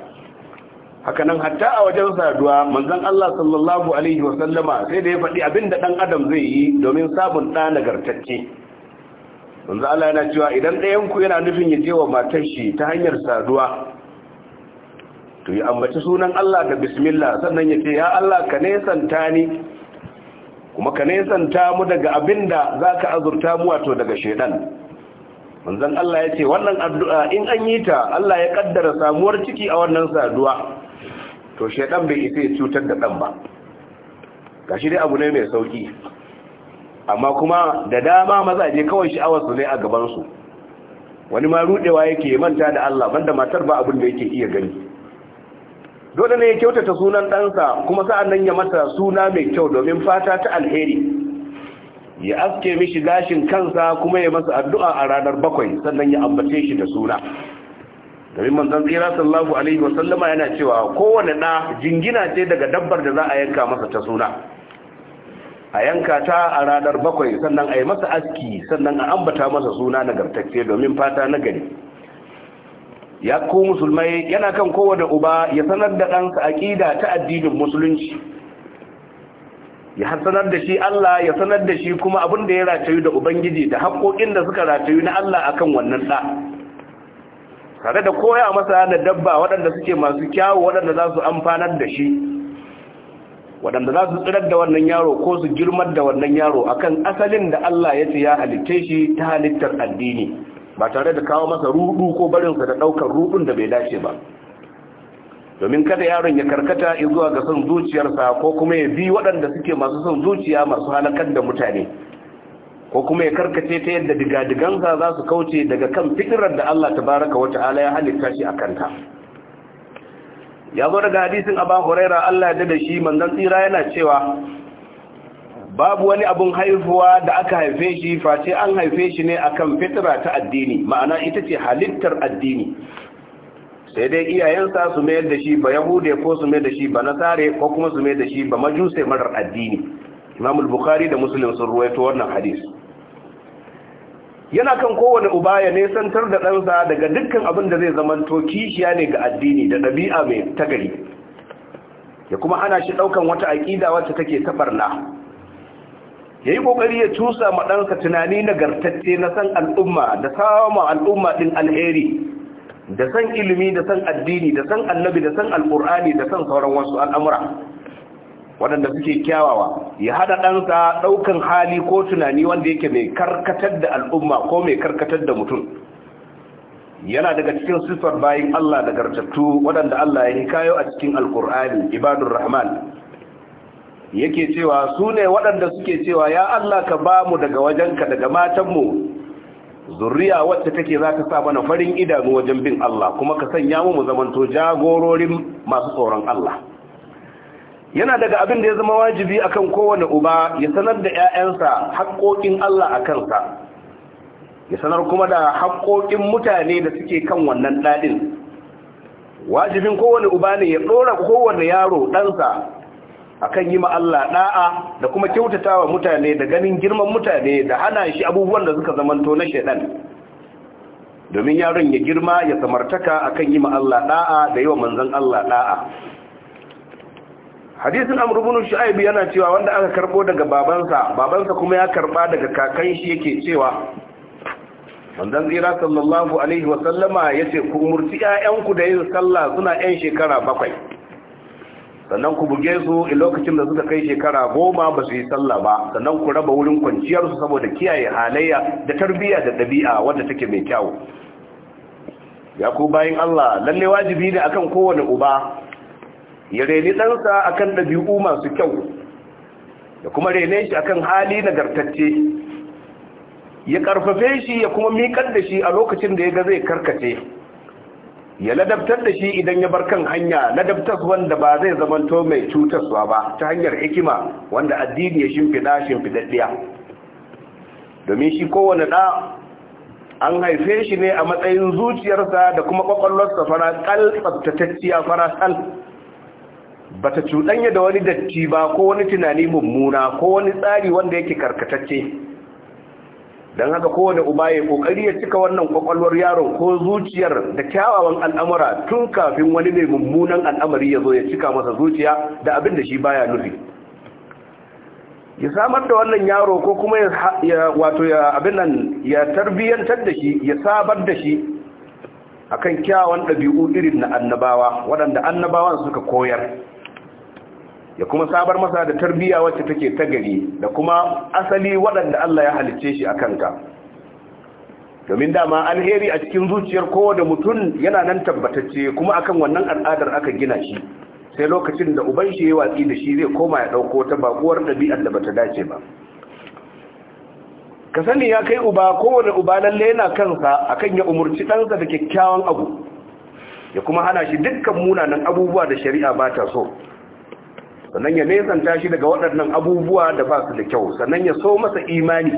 hakanan hatta a wajen saduwa manzon Allah sallallahu alaihi wasallama sai da ya faɗi abinda da ɗan adam zai yi domin samun ɗa nagartacce manzon Allah yana cewa idan ɗayan ku yana nufin ya je wa matar shi ta hanyar saduwa to ya ambaci sunan Allah da bismillah sannan ya ce ya Allah ka santa ni kuma ka nesanta mu daga abinda zaka azurta mu wato daga shaidan manzon Allah ya ce wannan addu'a in an yi ta Allah ya kaddara samuwar ciki a wannan saduwa to shaidan bai isa ya cutar da dan ba gashi dai abu ne mai sauki amma kuma da dama maza mazaje kawai sha'awar ne a gabansu. wani ma rudewa yake manta da Allah banda matar ba abin da yake iya gani dole ne ya kyautata sunan ɗansa kuma sa'an nan ya mata suna mai kyau domin fata ta alheri ya aske mishi gashin kansa kuma ya masa addu'a a ranar bakwai sannan ya ambace shi da suna domin manzon tsira sallallahu alaihi wasallama yana cewa kowane ɗa jingina ce daga dabbar da za a yanka masa ta suna a yanka ta a ranar bakwai sannan a yi masa aski sannan a ambata masa suna nagartacce domin fata na gari ya ko musulmai yana kan kowane uba ya sanar da ɗansa aƙida ta addinin musulunci ya sanar da shi Allah ya sanar da shi kuma abin da ya ratayu da ubangiji da haƙoƙin da suka ratayu na Allah akan wannan ɗa tare da koya masa da dabba waɗanda suke masu kyawu waɗanda za su amfanar da shi waɗanda za su tsirar da wannan yaro ko su girmar da wannan yaro akan asalin da Allah ya ce ya halitta shi ta halittar addini ba tare da kawo masa rudu ko barinsa da ɗaukar rudun da bai dace ba domin kada yaron ya karkata zuwa ga son zuciyarsa ko kuma ya bi waɗanda suke masu son zuciya masu halakar da mutane ko kuma ya karkace ta yadda digadigansa za su kauce daga kan fitirar da Allah Ta baraka wata ala ya halitta shi a kanta. ya zo daga hadisin Abu Huraira Allah ya da shi manzan tsira yana cewa babu wani abun haifuwa da aka haife shi face an haife shi ne akan fitira ta addini ma'ana ita ce halittar addini sai dai iyayensa su mayar da shi ba yahude ko su mayar da shi ba nasare ko kuma su mayar da shi ba majuse marar addini imam bukhari da muslim sun ruwaito wannan hadis yana kan kowane uba ya nesantar da ɗansa daga dukkan abin da zai zamanto kishiya ne ga addini da ɗabi'a mai tagari ya kuma ana shi ɗaukan wata aƙida wacce take tabarna, ya yi ƙoƙari ya cusa ma ɗansa tunani nagartacce na san al'umma da sama al'umma ɗin alheri da san ilimi da san addini da san annabi da san alƙur'ani da san sauran wasu al'amura waɗanda suke kyawawa ya haɗa ɗansa ɗaukan hali ko tunani wanda yake mai karkatar da al'umma ko mai karkatar da mutum yana daga cikin siffar bayan Allah da gartattu waɗanda Allah ya hikayo a cikin alkur'ani ibadun rahman yake cewa su ne waɗanda suke cewa ya Allah ka ba mu daga wajenka daga matanmu zurriya wacce take za ta sa mana farin idanu wajen bin Allah kuma ka sanya mu mu zamanto jagororin masu tsoron Allah yana daga abin da ya zama wajibi akan kowane uba ya sanar da 'ya'yansa haƙoƙin Allah a kansa ya sanar kuma da haƙoƙin mutane da suke kan wannan ɗaɗin wajibin kowane uba ne ya ɗora kowane yaro ɗansa akan yi Allah ɗa'a da kuma kyautatawa mutane da ganin girman mutane da hana shi abubuwan da suka zamanto na shaɗan domin yaron ya girma ya samartaka akan yi Allah ɗa'a da yi wa manzan Allah ɗa'a hadisin amr ibn yana cewa wanda aka karbo daga babansa babansa kuma ya karba daga kakan shi yake cewa manzon zira sallallahu alaihi wa sallama yace ku umurci 'ya'yanku da yin sallah suna 'yan shekara bakwai sannan ku buge su a lokacin da suka kai shekara goma ba su yi sallah ba sannan ku raba wurin kwanciyarsu saboda kiyaye halayya da tarbiyya da ɗabi'a wadda take mai kyau ya ku bayin Allah lalle wajibi ne akan kowane uba ya reni ɗansa a kan ɗabi'u masu kyau da kuma rene shi a kan hali nagartacce ya ƙarfafe shi ya kuma miƙar da shi a lokacin da ya ga zai karkace ya ladabtar da shi idan ya bar kan hanya ladabtar wanda ba zai zamanto mai cutarwa ba ta hanyar hikima wanda addini ya shimfiɗa shimfiɗaɗɗiya domin shi kowane ɗa an haife shi ne a matsayin zuciyarsa da kuma ƙwaƙwalwarsa fara ƙal fara ƙal bata cuɗanya da wani datti ba ko wani tunani mummuna ko wani tsari wanda yake karkatacce don haka kowane uba ya kokari ya cika wannan kwakwalwar yaron ko zuciyar da kyawawan al'amura tun kafin wani mai mummunan al'amari ya zo ya cika masa zuciya da abin da shi baya nufi ya samar da wannan yaro ko kuma ya wato ya abin nan ya tarbiyyantar da shi ya sabar da shi akan kyawawan ɗabi'u irin na annabawa waɗanda annabawan suka koyar ya kuma sabar masa da tarbiyya wacce take ta gari da kuma asali waɗanda Allah ya halicce shi a kanka domin dama alheri a cikin zuciyar kowane mutum yana nan tabbatacce kuma akan wannan al'adar aka gina shi sai lokacin da uban shi ya watsi da shi zai koma ya ɗauko ta baƙuwar ɗabi'ar da bata dace ba ka sani ya kai uba kowane uba lalle yana kansa akan ya umurci ɗansa da kyakkyawan abu ya kuma hana shi dukkan munanan abubuwa da shari'a ba ta so sannan ya nesanta shi daga waɗannan abubuwa da ba su da kyau sannan ya so masa imani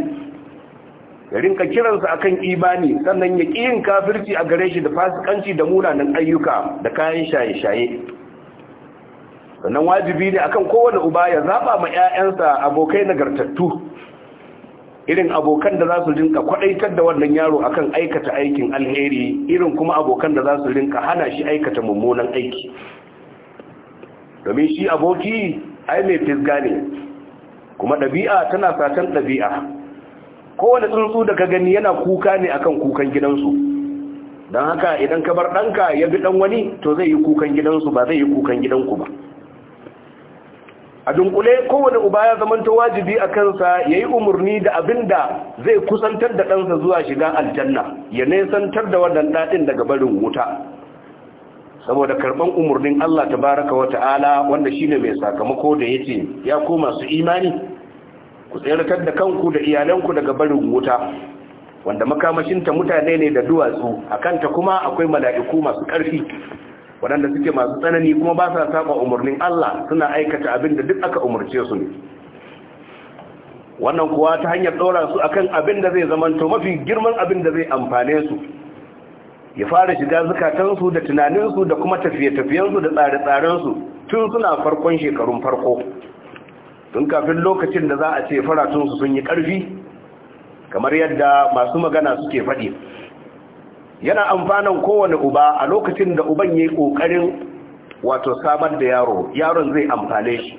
ya rinka kiransa akan imani sannan ya ƙi yin kafirci a gare shi da fasikanci da munanan ayyuka da kayan shaye-shaye sannan wajibi ne akan kowane uba ya zaɓa ma 'ya'yansa abokai nagartattu irin abokan da za su rinka kwaɗaitar da wannan yaro akan aikata aikin alheri irin kuma abokan da za su rinka hana shi aikata mummunan aiki domin shi aboki ai mai fisga ne kuma ɗabi'a tana satan ɗabi'a kowane tsuntsu da ka gani yana kuka ne akan kukan gidansu don haka idan ka bar ɗanka ya bi ɗan wani to zai yi kukan gidansu ba zai yi kukan gidanku ba a dunkule kowane uba ya zamanta wajibi a kansa ya yi umarni da abin da zai kusantar da ɗansa zuwa shiga aljanna ya nesantar da wannan ɗaɗin daga barin wuta saboda karban umarnin Allah tabaraka wa ta'ala wanda shine mai sakamako da yace ya koma masu imani ku tsayar da kanku da iyalanku daga barin wuta wanda makamashinta mutane ne da duwatsu a kanta kuma akwai mala'iku masu ƙarfi waɗanda suke masu tsanani kuma ba sa saba umarnin Allah suna aikata abin da duk aka umarce su ne wannan kuwa ta hanyar ɗora su akan abin da zai zamanto mafi girman abin da zai amfane su ya fara shiga zukatansu da tunaninsu da kuma tafiye-tafiyensu da tsare-tsarensu tun suna farkon shekarun farko tun kafin lokacin da za a ce faratunsu sun yi ƙarfi kamar yadda masu magana suke faɗi yana amfanan kowane uba a lokacin da uban ya yi ƙoƙarin wato samar da yaro yaron zai amfane shi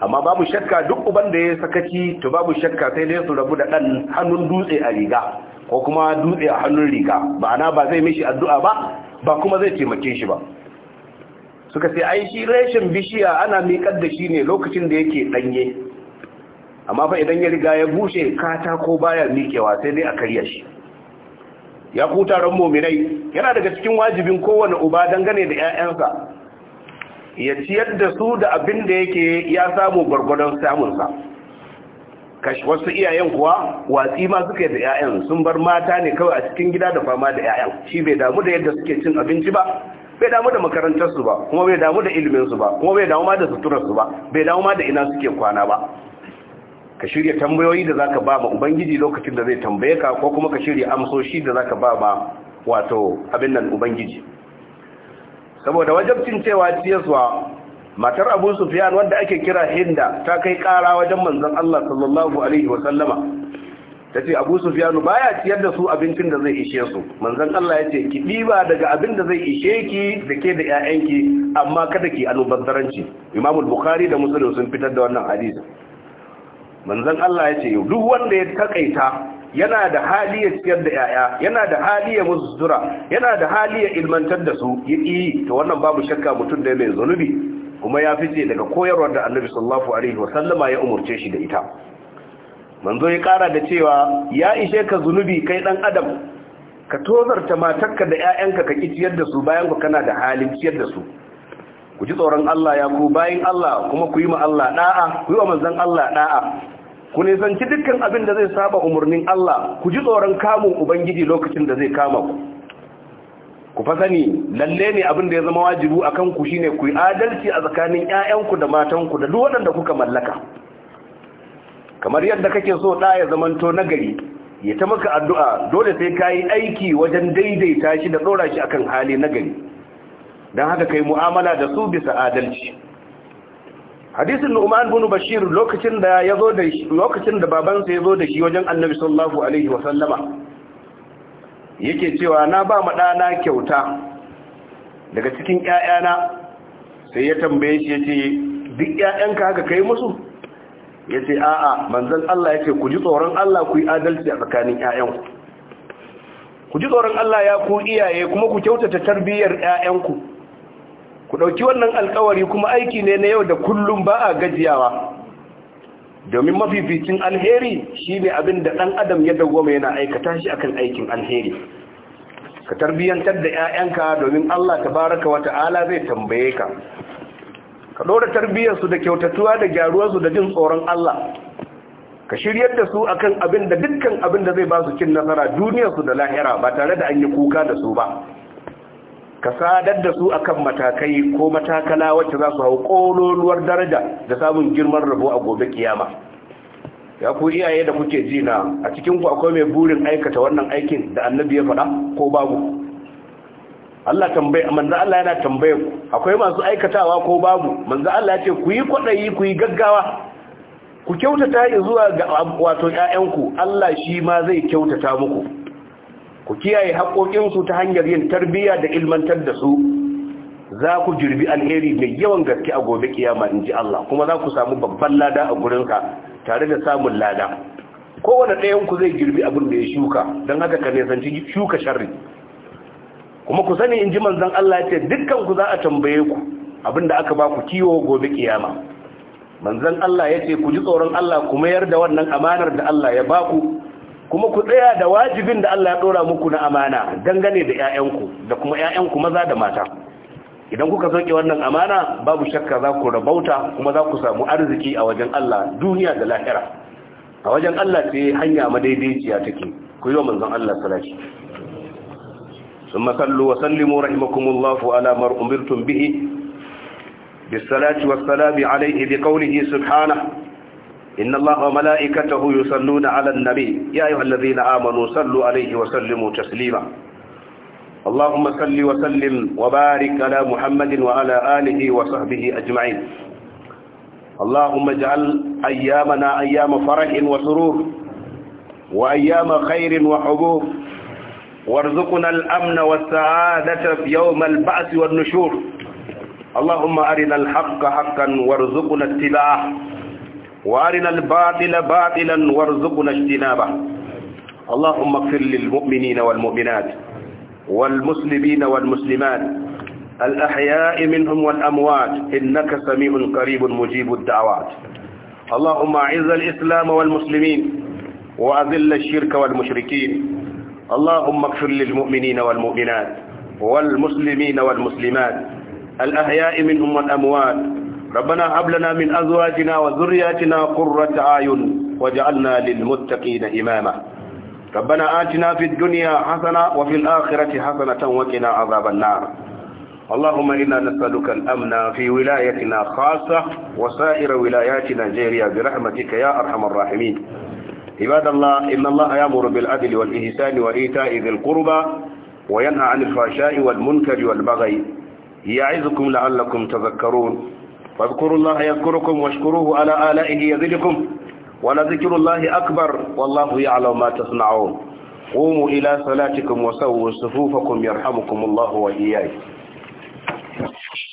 amma babu shakka duk uban da ya sakaci to babu shakka sai dai su rabu da ɗan hannun dutse a riga ko kuma dutse a hannun riga ma'ana ba zai mishi addu'a ba ba kuma zai taimake shi ba suka sai ai shi bishiya ana miƙar da shi ne lokacin da yake ɗanye amma fa idan ya riga ya bushe katako baya miƙewa sai dai a karya shi ya ku taron mominai yana daga cikin wajibin kowane uba dangane da 'ya'yansa ya ciyar da su da abin da yake ya samu gwargwadon samunsa kashi wasu iyayen kuwa watsi ma suka da 'ya'yan sun bar mata ne kawai a cikin gida da fama da 'ya'yan shi bai damu da yadda suke cin abinci ba bai damu da makarantarsu ba kuma bai damu da iliminsu ba kuma bai damu ma da suturarsu ba bai damu ma da ina suke kwana ba ka shirya tambayoyi da zaka ba ma ubangiji lokacin da zai tambaye ka ko kuma ka shirya amsoshi da zaka ba ma wato abin nan ubangiji saboda wajabcin cewa ciyaswa matar abu sufiyan wanda ake kira hinda ta kai kara wajen manzon Allah sallallahu alaihi wa sallama ce abu sufiyanu baya ciyar da su abincin da zai ishe su manzon Allah ya ce ki diba daga abin da zai ishe ki da ke da 'ya'yanki amma kada ki alubantaranci imamul bukari bukhari da musulun sun fitar da wannan Hadiza. manzon Allah ya yace duk wanda ya takaita yana da hali ya ciyar da yaya yana da hali ya musu yana da hali ya ilmantar da su yi ta wannan babu shakka mutum da ya mai zunubi kuma ya fice daga koyarwar da annabi sallallahu alaihi sallama ya umurce shi da ita manzo ya kara da cewa ya ishe ka zunubi kai dan adam ka tozarta matarka da ƴaƴanka ka kiciyar da su bayan ku kana da halin ciyar da su ku ji tsoron Allah ya ku bayin Allah kuma ku yi ma Allah da'a ku yi wa manzon Allah da'a ku nisanci dukkan abin da zai saba umurnin Allah ku ji tsoron kamun ubangiji lokacin da zai kama ku ku fa sani lalle ne abin da ya zama wajibi akan ku shine ku yi adalci a tsakanin ƴaƴanku da matanku da duk waɗanda kuka mallaka kamar yadda kake so da ya zamanto nagari ya ta maka addu'a dole sai kayi aiki wajen daidaita shi da dora shi akan hali nagari dan haka kai mu'amala da su bisa adalci hadisin Nu'man bin Bashir lokacin da yazo da lokacin da babansa yazo da shi wajen Annabi sallallahu alaihi Wasallama. yake cewa na ba ma ɗana kyauta daga cikin ƴaƴana sai ya tambaye shi ya yace duk ƴaƴanka haka kai musu Ya yace a'a manzan Allah ya ce ku ji tsoron Allah ku yi adalci a tsakanin ƴaƴanku ku ji tsoron Allah ya ku iyaye kuma ku kyautata tarbiyyar ƴaƴanku ku ɗauki wannan alƙawari kuma aiki ne na yau da kullum ba a gajiyawa domin mafificin alheri shi ne abin da ɗan adam ya dawoma yana aikata shi akan aikin alheri ka tarbiyyantar da 'ya'yanka domin Allah tabaraka wa ta'ala zai tambaye ka ka ɗora tarbiyyarsu da kyautatuwa da gyaruwarsu da jin tsoron Allah ka shiryar da su akan abin da dukkan abin da zai ba su cin nasara duniyarsu da lahira ba tare da an yi kuka da su ba ka sadar da su akan matakai ko matakala wacce za su hau ƙololuwar daraja da samun girman rabo a gobe kiyama ya ku iyaye da kuke ji na a cikin ku akwai mai burin aikata wannan aikin da annabi ya faɗa ko babu Allah tambaye manzo Allah yana tambaye ku akwai masu aikatawa ko babu manzo Allah ya ce ku yi kwadayi ku yi gaggawa ku kyautata zuwa ga wato ƴaƴanku Allah shi ma zai kyautata muku ku kiyaye haƙoƙinsu ta hanyar yin tarbiyya da ilmantar da su za ku jirbi alheri mai yawan gaske a gobe kiyama in ji Allah kuma za ku samu babban lada a gurinka tare da samun lada kowane ɗayanku zai girbi abin da ya shuka don haka ka nisanci shuka sharri kuma ku sani in ji manzan Allah ya ce dukkan za a tambaye ku abin da aka ba ku kiwo gobe kiyama manzon Allah ya ce ku ji tsoron Allah ku mayar da wannan amanar da Allah ya ba ku kuma ku tsaya da wajibin da Allah ya dora muku na amana dangane da ƴaƴanku da kuma ƴaƴanku maza da mata idan kuka sauke wannan amana babu shakka za ku rabauta kuma za ku samu arziki a wajen Allah duniya da lahira a wajen Allah sai hanya madaidaiciya take ku yi wa manzon Allah salati ثم صلوا وسلموا رحمكم الله على ما أمرتم به بالصلاة والسلام عليه بقوله سبحانه إن الله وملائكته يصلون على النبي يا أيها الذين آمنوا صلوا عليه وسلموا تسليما اللهم صل وسلم وبارك على محمد وعلى آله وصحبه أجمعين اللهم اجعل أيامنا أيام فرح وسرور وأيام خير وحبوب وارزقنا الأمن والسعادة في يوم البعث والنشور اللهم أرنا الحق حقا وارزقنا اتباعه وارنا الباطل باطلا وارزقنا اجتنابه اللهم اغفر للمؤمنين والمؤمنات والمسلمين والمسلمات الأحياء منهم والأموات إنك سميع قريب مجيب الدعوات اللهم أعز الإسلام والمسلمين وأذل الشرك والمشركين اللهم اغفر للمؤمنين والمؤمنات والمسلمين والمسلمات الأحياء منهم والأموات ربنا هب لنا من أزواجنا وذرياتنا قرة أعين واجعلنا للمتقين إماما ربنا آتنا في الدنيا حسنة وفي الآخرة حسنة وقنا عذاب النار اللهم إنا نسألك الأمن في ولايتنا خاصة وسائر ولايات نيجيريا برحمتك يا أرحم الراحمين عباد الله إن الله يأمر بالعدل والإحسان وإيتاء ذي القربى وينهى عن الفحشاء والمنكر والبغي يعظكم لعلكم تذكرون فاذكروا الله يذكركم واشكروه على آلائه يزدكم ولذكر الله أكبر والله يعلم ما تصنعون قوموا إلى صلاتكم وسووا صفوفكم يرحمكم الله وإياكم